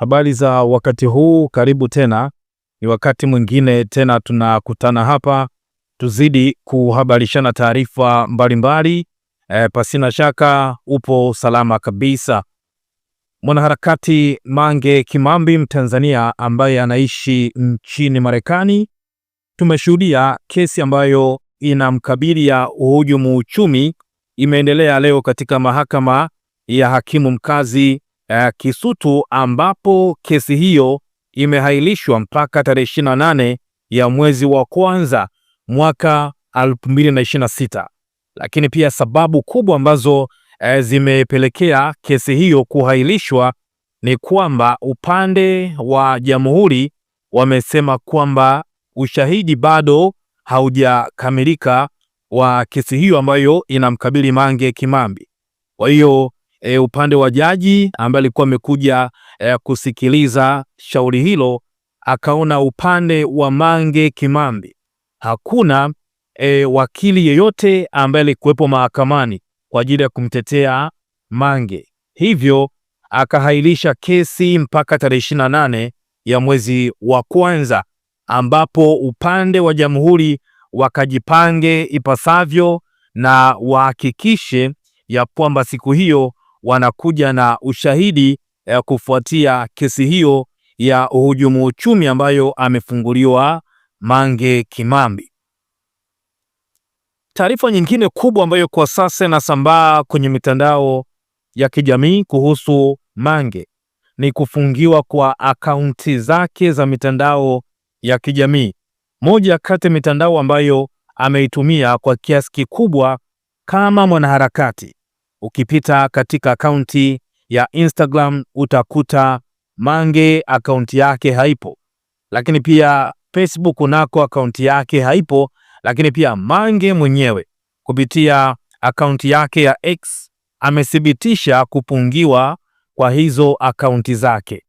Habari za wakati huu, karibu tena. Ni wakati mwingine tena tunakutana hapa tuzidi kuhabarishana taarifa mbalimbali. E, pasina shaka upo salama kabisa. Mwanaharakati Mange Kimambi, Mtanzania ambaye anaishi nchini Marekani, tumeshuhudia kesi ambayo inamkabili ya uhujumu uchumi imeendelea leo katika mahakama ya hakimu mkazi eh, Kisutu ambapo kesi hiyo imehailishwa mpaka tarehe 28 ya mwezi wa kwanza mwaka 2026. Lakini pia sababu kubwa ambazo eh, zimepelekea kesi hiyo kuhailishwa ni kwamba upande wa jamhuri wamesema kwamba ushahidi bado haujakamilika wa kesi hiyo ambayo inamkabili Mange Kimambi. Kwa hiyo e, upande wa jaji ambaye alikuwa amekuja e, kusikiliza shauri hilo akaona upande wa Mange Kimambi hakuna e, wakili yeyote ambaye alikuwepo mahakamani kwa ajili ya kumtetea Mange, hivyo akahairisha kesi mpaka tarehe nane ya mwezi wa kwanza ambapo upande wa jamhuri wakajipange ipasavyo na wahakikishe ya kwamba siku hiyo wanakuja na ushahidi ya eh, kufuatia kesi hiyo ya uhujumu uchumi ambayo amefunguliwa Mange Kimambi. Taarifa nyingine kubwa ambayo kwa sasa inasambaa kwenye mitandao ya kijamii kuhusu Mange ni kufungiwa kwa akaunti zake za mitandao ya kijamii. Moja kati ya mitandao ambayo ameitumia kwa kiasi kikubwa kama mwanaharakati Ukipita katika akaunti ya Instagram utakuta Mange akaunti yake haipo, lakini pia Facebook nako akaunti yake haipo, lakini pia Mange mwenyewe kupitia akaunti yake ya X amethibitisha kupungiwa kwa hizo akaunti zake,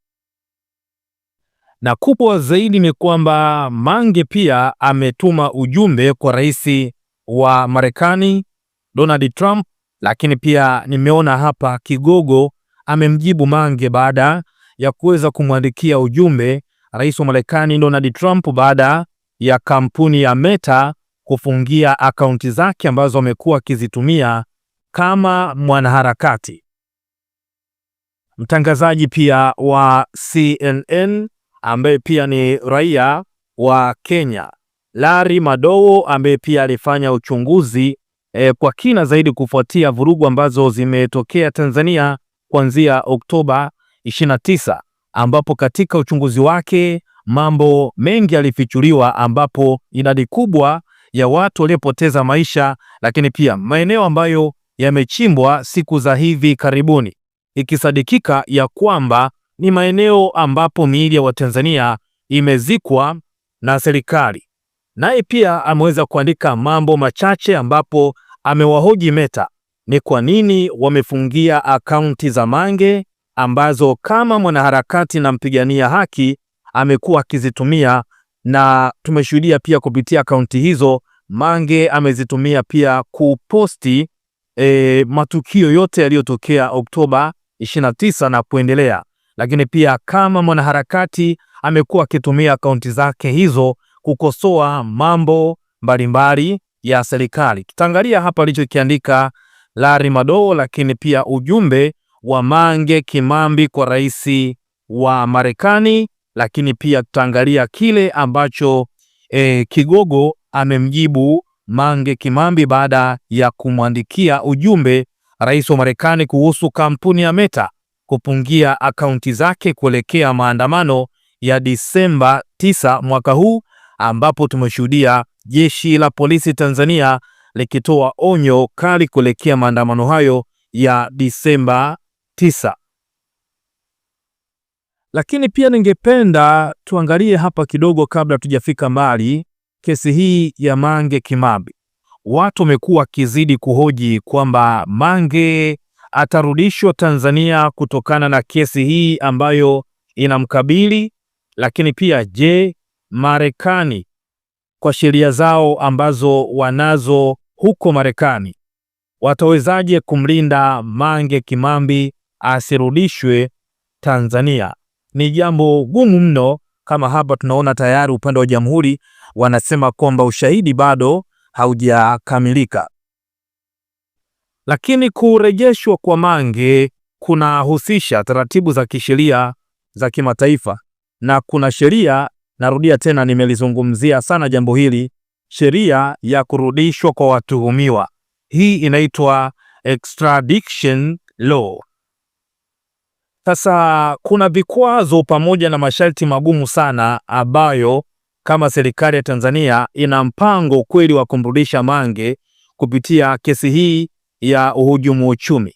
na kubwa zaidi ni kwamba Mange pia ametuma ujumbe kwa rais wa Marekani Donald Trump lakini pia nimeona hapa Kigogo amemjibu Mange baada ya kuweza kumwandikia ujumbe rais wa Marekani Donald Trump baada ya kampuni ya Meta kufungia akaunti zake ambazo amekuwa akizitumia kama mwanaharakati. Mtangazaji pia wa CNN ambaye pia ni raia wa Kenya Larry Madowo ambaye pia alifanya uchunguzi e, kwa kina zaidi kufuatia vurugu ambazo zimetokea Tanzania kuanzia Oktoba 29 ambapo katika uchunguzi wake mambo mengi yalifichuliwa, ambapo idadi kubwa ya watu waliopoteza maisha, lakini pia maeneo ambayo yamechimbwa siku za hivi karibuni, ikisadikika ya kwamba ni maeneo ambapo miili ya Watanzania imezikwa na serikali. Naye pia ameweza kuandika mambo machache ambapo amewahoji Meta ni kwa nini wamefungia akaunti za Mange ambazo kama mwanaharakati na mpigania haki amekuwa akizitumia, na tumeshuhudia pia kupitia akaunti hizo Mange amezitumia pia kuposti e, matukio yote yaliyotokea Oktoba 29 na kuendelea, lakini pia kama mwanaharakati amekuwa akitumia akaunti zake hizo kukosoa mambo mbalimbali ya serikali. Tutaangalia hapa alichokiandika Larry Madowo, lakini pia ujumbe wa Mange Kimambi kwa rais wa Marekani, lakini pia tutaangalia kile ambacho e, Kigogo amemjibu Mange Kimambi baada ya kumwandikia ujumbe rais wa Marekani kuhusu kampuni ya Meta kupungia akaunti zake kuelekea maandamano ya Disemba 9 mwaka huu ambapo tumeshuhudia jeshi la polisi Tanzania likitoa onyo kali kuelekea maandamano hayo ya Disemba 9. Lakini pia ningependa tuangalie hapa kidogo, kabla tujafika mbali, kesi hii ya Mange Kimambi. Watu wamekuwa wakizidi kuhoji kwamba Mange atarudishwa Tanzania kutokana na kesi hii ambayo inamkabili, lakini pia je, Marekani kwa sheria zao ambazo wanazo huko Marekani, watawezaje kumlinda Mange Kimambi asirudishwe Tanzania? Ni jambo gumu mno. Kama hapa tunaona tayari upande wa jamhuri wanasema kwamba ushahidi bado haujakamilika, lakini kurejeshwa kwa Mange kunahusisha taratibu za kisheria za kimataifa na kuna sheria Narudia tena, nimelizungumzia sana jambo hili, sheria ya kurudishwa kwa watuhumiwa. Hii inaitwa extradition law. Sasa kuna vikwazo pamoja na masharti magumu sana ambayo kama serikali ya Tanzania ina mpango kweli wa kumrudisha Mange kupitia kesi hii ya uhujumu uchumi.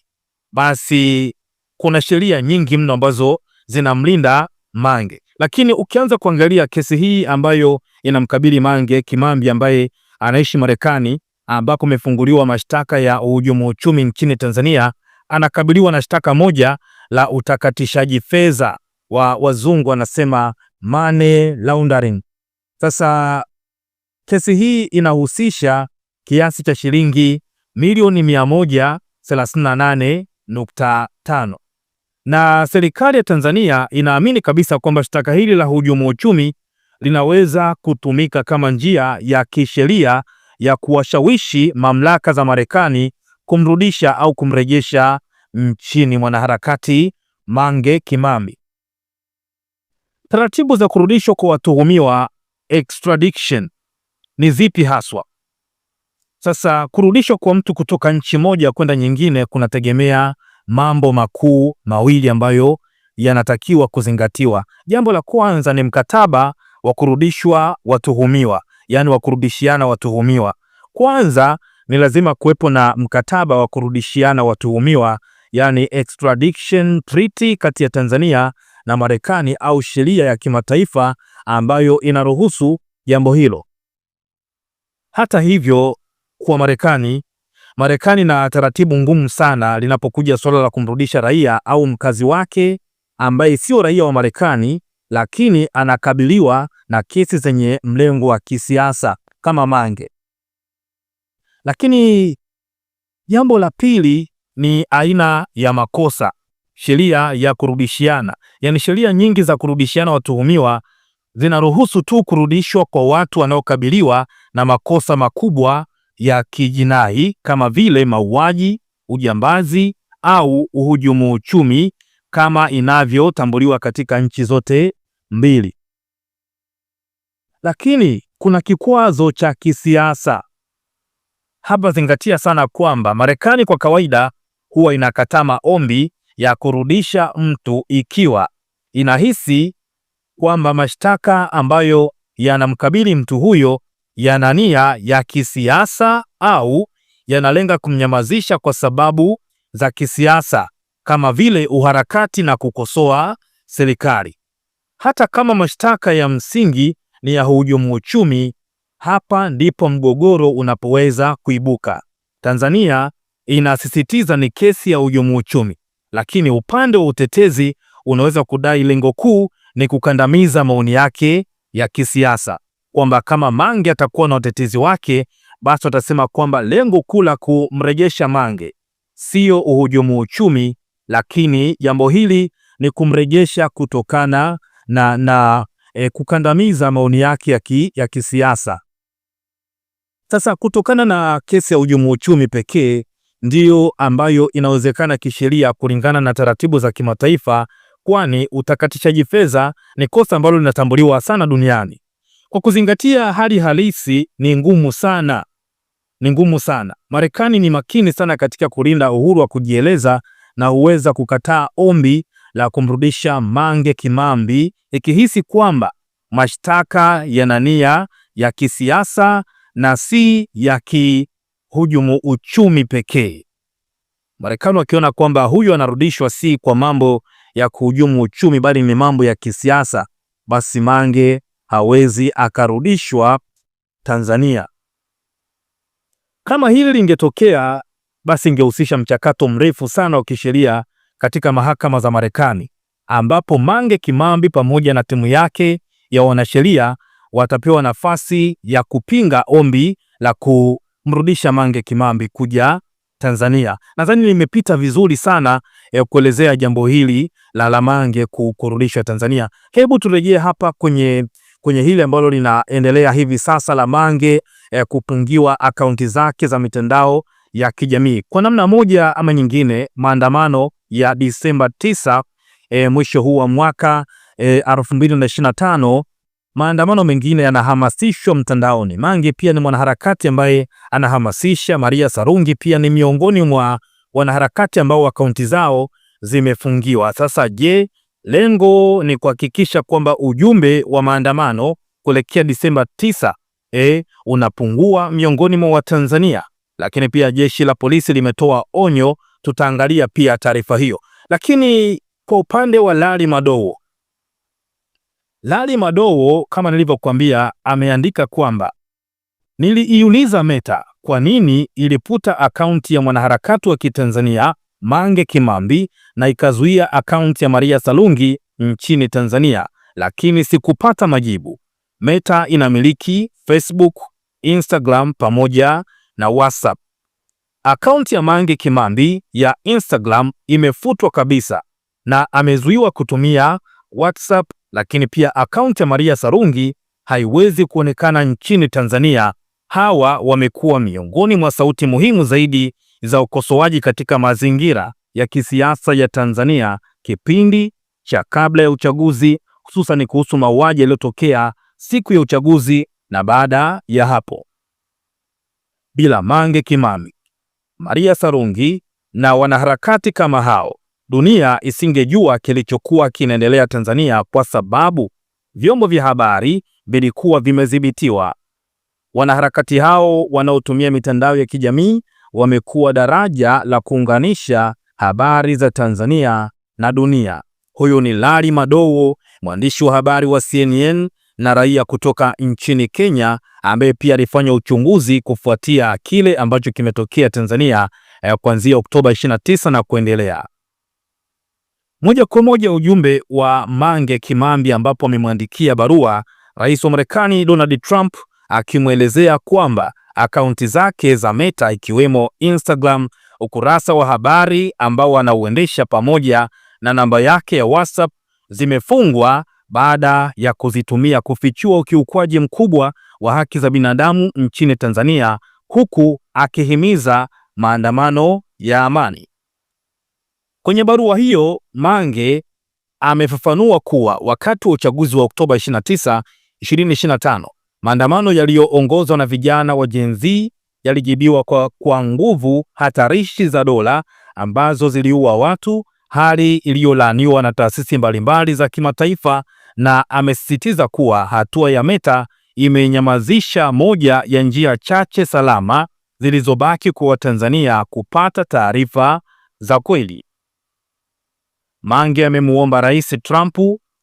Basi kuna sheria nyingi mno ambazo zinamlinda Mange. Lakini ukianza kuangalia kesi hii ambayo inamkabili Mange Kimambi ambaye anaishi Marekani ambako amefunguliwa mashtaka ya uhujumu uchumi nchini Tanzania, anakabiliwa na shtaka moja la utakatishaji fedha wa wazungu wanasema money laundering. Sasa kesi hii inahusisha kiasi cha shilingi milioni 138.5 na serikali ya Tanzania inaamini kabisa kwamba shtaka hili la hujumu uchumi linaweza kutumika kama njia ya kisheria ya kuwashawishi mamlaka za Marekani kumrudisha au kumrejesha nchini mwanaharakati Mange Kimambi. Taratibu za kurudishwa kwa watuhumiwa extradition ni zipi haswa? Sasa kurudishwa kwa mtu kutoka nchi moja kwenda nyingine kunategemea mambo makuu mawili ambayo yanatakiwa kuzingatiwa. Jambo la kwanza ni mkataba wa kurudishwa watuhumiwa, yani wa kurudishiana watuhumiwa. Kwanza ni lazima kuwepo na mkataba wa kurudishiana watuhumiwa, yani extradition treaty kati ya Tanzania na Marekani au sheria ya kimataifa ambayo inaruhusu jambo hilo. Hata hivyo, kwa Marekani Marekani na taratibu ngumu sana linapokuja suala la kumrudisha raia au mkazi wake ambaye sio raia wa Marekani lakini anakabiliwa na kesi zenye mlengo wa kisiasa kama Mange. Lakini jambo la pili ni aina ya makosa, sheria ya kurudishiana. Yaani sheria nyingi za kurudishiana watuhumiwa zinaruhusu tu kurudishwa kwa watu wanaokabiliwa na makosa makubwa ya kijinai kama vile mauaji, ujambazi au uhujumu uchumi kama inavyotambuliwa katika nchi zote mbili. Lakini kuna kikwazo cha kisiasa hapa. Zingatia sana kwamba Marekani kwa kawaida huwa inakataa maombi ya kurudisha mtu ikiwa inahisi kwamba mashtaka ambayo yanamkabili mtu huyo yana nia ya kisiasa au yanalenga kumnyamazisha kwa sababu za kisiasa kama vile uharakati na kukosoa serikali. Hata kama mashtaka ya msingi ni ya hujumu uchumi, hapa ndipo mgogoro unapoweza kuibuka. Tanzania inasisitiza ni kesi ya hujumu uchumi, lakini upande wa utetezi unaweza kudai lengo kuu ni kukandamiza maoni yake ya kisiasa kwamba kama Mange atakuwa na watetezi wake, basi watasema kwamba lengo kuu la kumrejesha Mange sio uhujumu uchumi, lakini jambo hili ni kumrejesha kutokana na, na e, kukandamiza maoni yake ya, ki, ya kisiasa. Sasa kutokana na kesi ya uhujumu uchumi pekee ndiyo ambayo inawezekana kisheria kulingana na taratibu za kimataifa, kwani utakatishaji fedha ni kosa ambalo linatambuliwa sana duniani kwa kuzingatia hali halisi ni ngumu sana, ni ngumu sana. Marekani ni makini sana katika kulinda uhuru wa kujieleza na huweza kukataa ombi la kumrudisha Mange Kimambi ikihisi kwamba mashtaka yana nia ya kisiasa na si ya kihujumu uchumi pekee. Marekani wakiona kwamba huyu anarudishwa si kwa mambo ya kuhujumu uchumi, bali ni mambo ya kisiasa, basi Mange hawezi akarudishwa Tanzania. Kama hili lingetokea, basi ingehusisha mchakato mrefu sana wa kisheria katika mahakama za Marekani, ambapo Mange Kimambi pamoja na timu yake ya wanasheria watapewa nafasi ya kupinga ombi la kumrudisha Mange Kimambi kuja Tanzania. Nadhani nimepita vizuri sana ya eh, kuelezea jambo hili la Mange kurudishwa Tanzania. Hebu turejee hapa kwenye kwenye hili ambalo linaendelea hivi sasa la Mange eh, kupungiwa akaunti zake za mitandao ya kijamii kwa namna moja ama nyingine. Maandamano ya Disemba 9 eh, mwisho huu wa mwaka 2025 eh, maandamano mengine yanahamasishwa mtandaoni. Mange pia ni mwanaharakati ambaye anahamasisha. Maria Sarungi pia ni miongoni mwa wanaharakati ambao akaunti zao zimefungiwa. Sasa je, Lengo ni kuhakikisha kwamba ujumbe wa maandamano kuelekea Disemba 9 eh, unapungua miongoni mwa Watanzania, lakini pia jeshi la polisi limetoa onyo. Tutaangalia pia taarifa hiyo, lakini kwa upande wa Lari Madowo, Lari Madowo kama nilivyokuambia ameandika kwamba niliiuliza Meta kwa nini iliputa akaunti ya mwanaharakati wa Kitanzania Mange Kimambi na ikazuia akaunti ya Maria Salungi nchini Tanzania, lakini sikupata majibu. Meta inamiliki Facebook, Instagram pamoja na WhatsApp. Akaunti ya Mange Kimambi ya Instagram imefutwa kabisa na amezuiwa kutumia WhatsApp, lakini pia akaunti ya Maria Sarungi haiwezi kuonekana nchini Tanzania. Hawa wamekuwa miongoni mwa sauti muhimu zaidi za ukosoaji katika mazingira ya kisiasa ya Tanzania kipindi cha kabla ya uchaguzi, hususan kuhusu mauaji yaliyotokea siku ya uchaguzi na baada ya hapo. Bila Mange Kimambi, Maria Sarungi na wanaharakati kama hao, dunia isingejua kilichokuwa kinaendelea Tanzania kwa sababu vyombo vya habari vilikuwa vimedhibitiwa. Wanaharakati hao wanaotumia mitandao ya kijamii wamekuwa daraja la kuunganisha habari za Tanzania na dunia. Huyu ni Larry Madowo, mwandishi wa habari wa CNN na raia kutoka nchini Kenya, ambaye pia alifanya uchunguzi kufuatia kile ambacho kimetokea Tanzania eh, kuanzia Oktoba 29 na kuendelea. Moja kwa moja ujumbe wa Mange Kimambi, ambapo amemwandikia barua Rais wa Marekani Donald Trump akimwelezea kwamba akaunti zake za Meta ikiwemo Instagram, ukurasa wa habari ambao anauendesha pamoja na namba yake ya WhatsApp zimefungwa baada ya kuzitumia kufichua ukiukwaji mkubwa wa haki za binadamu nchini Tanzania, huku akihimiza maandamano ya amani. Kwenye barua hiyo, Mange amefafanua kuwa wakati wa uchaguzi wa Oktoba 29, 2025 Maandamano yaliyoongozwa na vijana wa Gen Z yalijibiwa kwa, kwa nguvu hatarishi za dola ambazo ziliua watu, hali iliyolaaniwa na taasisi mbalimbali za kimataifa, na amesisitiza kuwa hatua ya Meta imenyamazisha moja ya njia chache salama zilizobaki kwa Watanzania kupata taarifa za kweli. Mange amemuomba Rais Trump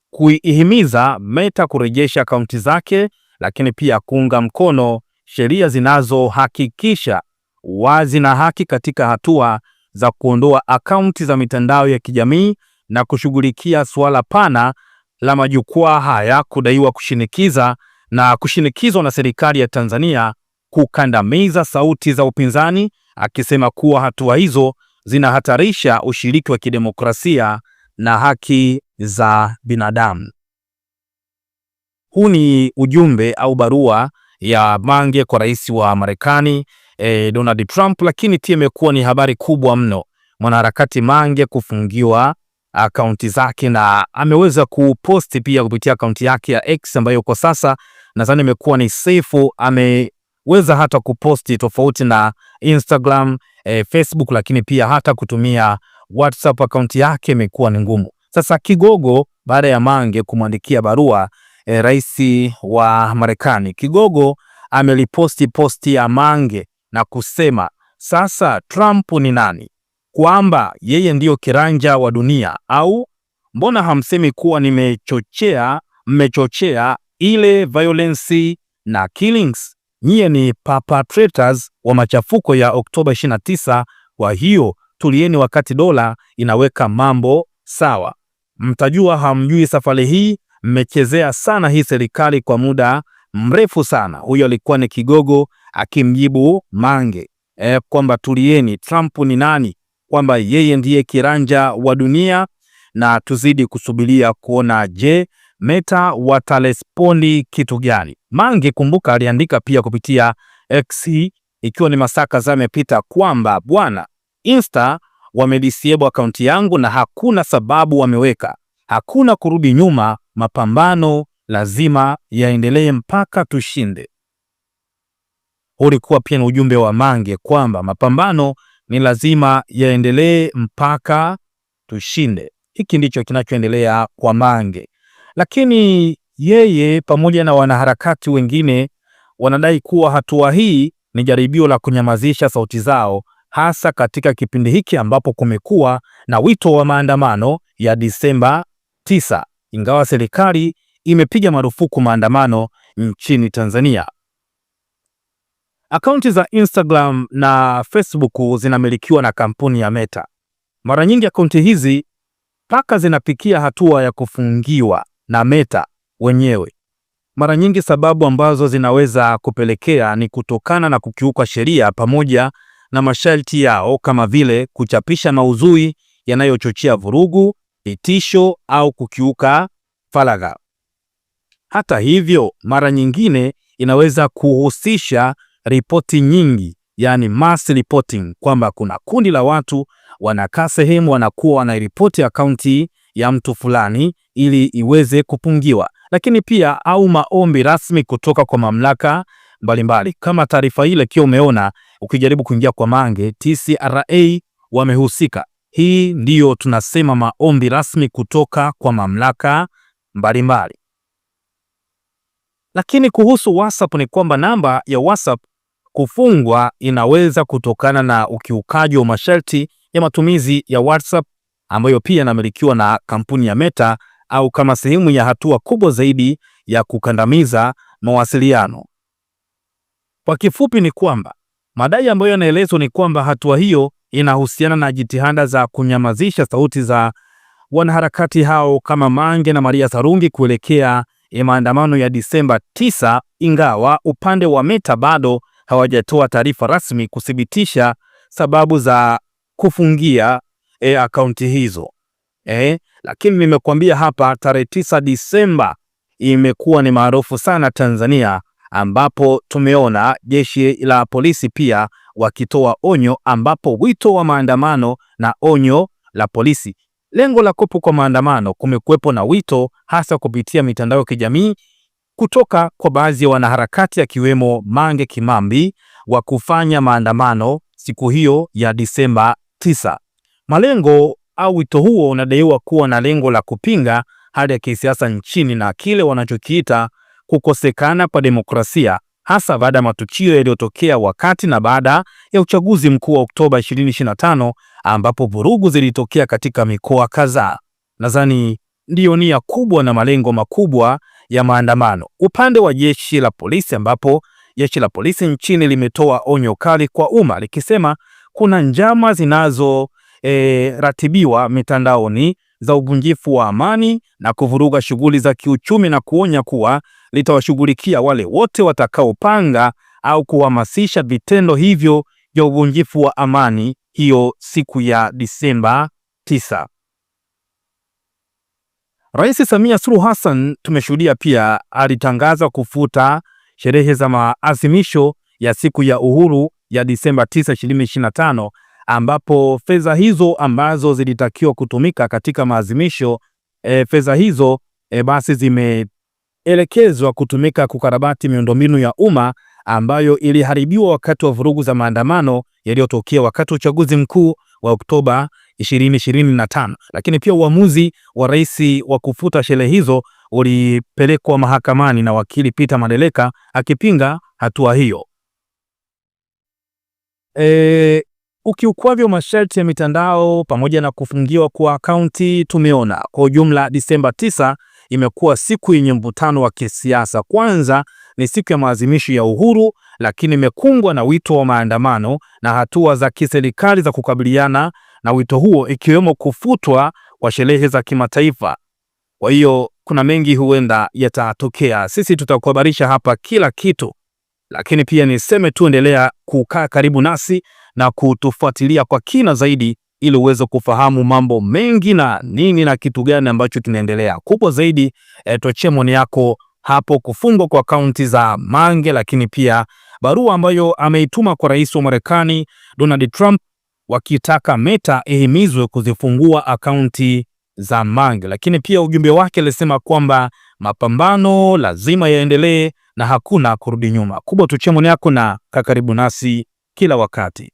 kuihimiza Meta kurejesha akaunti zake lakini pia kuunga mkono sheria zinazohakikisha wazi na haki katika hatua za kuondoa akaunti za mitandao ya kijamii na kushughulikia suala pana la majukwaa haya kudaiwa kushinikiza na kushinikizwa na serikali ya Tanzania kukandamiza sauti za upinzani, akisema kuwa hatua hizo zinahatarisha ushiriki wa kidemokrasia na haki za binadamu. Huu ni ujumbe au barua ya Mange kwa rais wa Marekani eh, Donald Trump, lakini pia imekuwa ni habari kubwa mno, mwanaharakati Mange kufungiwa akaunti zake, na ameweza kuposti pia kupitia akaunti yake ya X ambayo kwa sasa nadhani imekuwa ni safe. Ameweza hata kuposti tofauti na Instagram eh, Facebook, lakini pia hata kutumia WhatsApp akaunti yake imekuwa ni ngumu. Sasa kigogo baada ya Mange kumwandikia barua e, rais wa Marekani. Kigogo ameliposti posti ya Mange na kusema sasa Trump ni nani, kwamba yeye ndiyo kiranja wa dunia au mbona hamsemi kuwa nimechochea, mmechochea ile violence na killings? Nyie ni perpetrators wa machafuko ya Oktoba 29. Kwa hiyo tulieni, wakati dola inaweka mambo sawa. Mtajua hamjui safari hii mmechezea sana hii serikali kwa muda mrefu sana. Huyo alikuwa ni kigogo akimjibu Mange e, kwamba tulieni, Trump ni nani? Kwamba yeye ndiye kiranja wa dunia, na tuzidi kusubiria kuona, je, Meta watarespondi kitu gani? Mange, kumbuka, aliandika pia kupitia X ikiwa ni masaa kadhaa yamepita kwamba bwana, Insta wamedisiable akaunti yangu na hakuna sababu wameweka Hakuna kurudi nyuma, mapambano lazima yaendelee mpaka tushinde. Huu ulikuwa pia ni ujumbe wa Mange kwamba mapambano ni lazima yaendelee mpaka tushinde. Hiki ndicho kinachoendelea kwa Mange, lakini yeye pamoja na wanaharakati wengine wanadai kuwa hatua hii ni jaribio la kunyamazisha sauti zao, hasa katika kipindi hiki ambapo kumekuwa na wito wa maandamano ya Disemba tisa ingawa serikali imepiga marufuku maandamano nchini Tanzania. Akaunti za Instagram na Facebook zinamilikiwa na kampuni ya Meta. Mara nyingi akaunti hizi mpaka zinapikia hatua ya kufungiwa na Meta wenyewe. Mara nyingi sababu ambazo zinaweza kupelekea ni kutokana na kukiuka sheria pamoja na masharti yao kama vile kuchapisha maudhui yanayochochea vurugu, vitisho au kukiuka faragha. Hata hivyo, mara nyingine inaweza kuhusisha ripoti nyingi, yani mass reporting, kwamba kuna kundi la watu wanakaa sehemu, wanakuwa wanairipoti akaunti ya mtu fulani ili iweze kupungiwa, lakini pia au maombi rasmi kutoka kwa mamlaka mbalimbali kama taarifa ile kiwa umeona, ukijaribu kuingia kwa Mange TCRA wamehusika hii ndiyo tunasema maombi rasmi kutoka kwa mamlaka mbalimbali. Lakini kuhusu WhatsApp ni kwamba namba ya WhatsApp kufungwa inaweza kutokana na ukiukaji wa masharti ya matumizi ya WhatsApp ambayo pia inamilikiwa na kampuni ya Meta au kama sehemu ya hatua kubwa zaidi ya kukandamiza mawasiliano. Kwa kifupi ni kwamba madai ambayo yanaelezwa ni kwamba hatua hiyo inahusiana na jitihada za kunyamazisha sauti za wanaharakati hao kama Mange na Maria Sarungi kuelekea maandamano ya Disemba 9, ingawa upande wa Meta bado hawajatoa taarifa rasmi kuthibitisha sababu za kufungia e, akaunti hizo e, lakini nimekuambia hapa tarehe 9 Disemba imekuwa ni maarufu sana Tanzania, ambapo tumeona jeshi la polisi pia wakitoa onyo ambapo wito wa maandamano na onyo la polisi. Lengo la kopo kwa maandamano, kumekuwepo na wito hasa kupitia mitandao ya kijamii kutoka kwa baadhi ya wanaharakati akiwemo Mange Kimambi wa kufanya maandamano siku hiyo ya Disemba 9. Malengo au wito huo unadaiwa kuwa na lengo la kupinga hali ya kisiasa nchini na kile wanachokiita kukosekana kwa demokrasia hasa baada ya matukio yaliyotokea wakati na baada ya uchaguzi mkuu wa Oktoba 2025 ambapo vurugu zilitokea katika mikoa kadhaa. Nadhani ndiyo nia kubwa na malengo makubwa ya maandamano. Upande wa jeshi la polisi, ambapo jeshi la polisi nchini limetoa onyo kali kwa umma likisema kuna njama zinazoratibiwa eh, e, mitandaoni za uvunjifu wa amani na kuvuruga shughuli za kiuchumi na kuonya kuwa litawashughulikia wale wote watakaopanga au kuhamasisha vitendo hivyo vya uvunjifu wa amani hiyo siku ya Disemba 9. Rais Samia Suluhu Hassan tumeshuhudia pia alitangaza kufuta sherehe za maadhimisho ya siku ya uhuru ya Disemba 9, 2025 ambapo fedha hizo ambazo zilitakiwa kutumika katika maazimisho e, fedha hizo e, basi zimeelekezwa kutumika kukarabati miundombinu ya umma ambayo iliharibiwa wakati wa vurugu za maandamano yaliyotokea wakati wa uchaguzi mkuu wa Oktoba 2025. Lakini pia uamuzi wa rais wa kufuta sherehe hizo ulipelekwa mahakamani na wakili Peter Madeleka akipinga hatua hiyo. E, Ukiukwavyo masharti ya mitandao pamoja na kufungiwa kwa akaunti tumeona. Kwa ujumla, Disemba 9 imekuwa siku yenye mvutano wa kisiasa. Kwanza ni siku ya maadhimisho ya uhuru, lakini imekumbwa na wito wa maandamano na hatua za kiserikali za kukabiliana na wito huo, ikiwemo kufutwa kwa sherehe za kimataifa. Kwa hiyo kuna mengi huenda yatatokea, sisi tutakuhabarisha hapa kila kitu, lakini pia niseme tu, endelea kukaa karibu nasi na kutufuatilia kwa kina zaidi ili uweze kufahamu mambo mengi na nini na kitu gani ambacho kinaendelea. Kubwa zaidi e, tuachie maoni yako hapo kufungwa kwa akaunti za Mange, lakini pia barua ambayo ameituma kwa rais wa Marekani Donald Trump wakitaka Meta ihimizwe kuzifungua akaunti za Mange, lakini pia ujumbe wake alisema kwamba mapambano lazima yaendelee na hakuna kurudi nyuma. Kubwa tuchie maoni yako na kakaribu nasi kila wakati.